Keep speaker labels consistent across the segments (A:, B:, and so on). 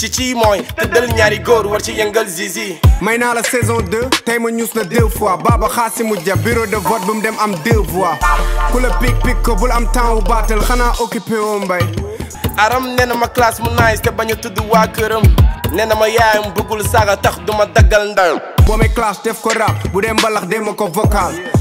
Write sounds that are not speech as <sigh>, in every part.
A: chichi moy te tëddal ñaari góor war ci yengal zizi may la saison 2 tay ma ñuus la deux fois Baba Xaasimu dia bureau de vote bu dem am deux voix ku la pic pik ko bul am temps wu battle xana occupé woo mbay aram nee ma classe mu nice te baña a tudd waa këram nee na ma yaayam bëggul saaga tax duma daggal ndayam boome classe def ko rap bu dem balax dem ko vocal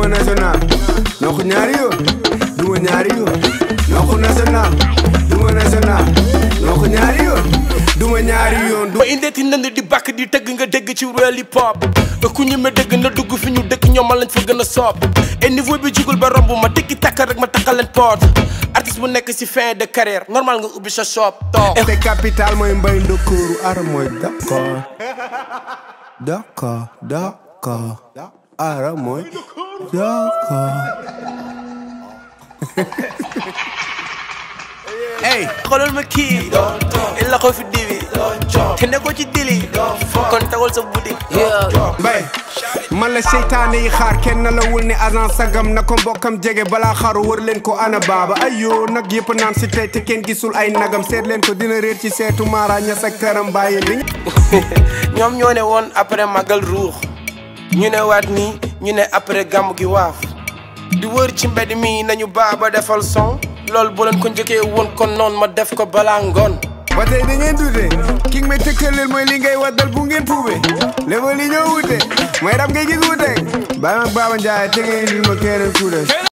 A: duma national noq ñaari yoon duma ñaari yoon noq national duma national ma indeeti ndënd di bàkk di tëgg nga dégg ci royal hip hop ku ñeme dëgg na dugg fi ñu dëkk ñooma lañ fa gën a soob et niveau bi jugul ba romb ma tekki takka rek ma takkaleen poot artiste bu nekk ci fin de carrière normal nga ubbi sa shop toog te capital mooy mbay ndokooru ara mooy your call. hey, call my kid. In lock off your divi. Can I go to Dilly? Contact also booty. Yeah. Bye. man la seytaane yi xaar kenn lawul ne agent sagam na ko mbokkam jege balaa xaru wër leen ko ana baaba ayo nag yëpp naan si tey te kenn gisul ay nagam seet leen ko dina réer ci seetu maara ñas ak karam bàyyi li <laughs> ñoom ñoo ne woon après magal ruux ñu ne waat nii ñu ne après gàmm gi waaf di wër ci nañu baaba defal son loolu bu leen ko njëkkee woon kon ma def ko balaa ngoon ba tey da King li ngay bu ngeen level li ñoo wute mooy ngay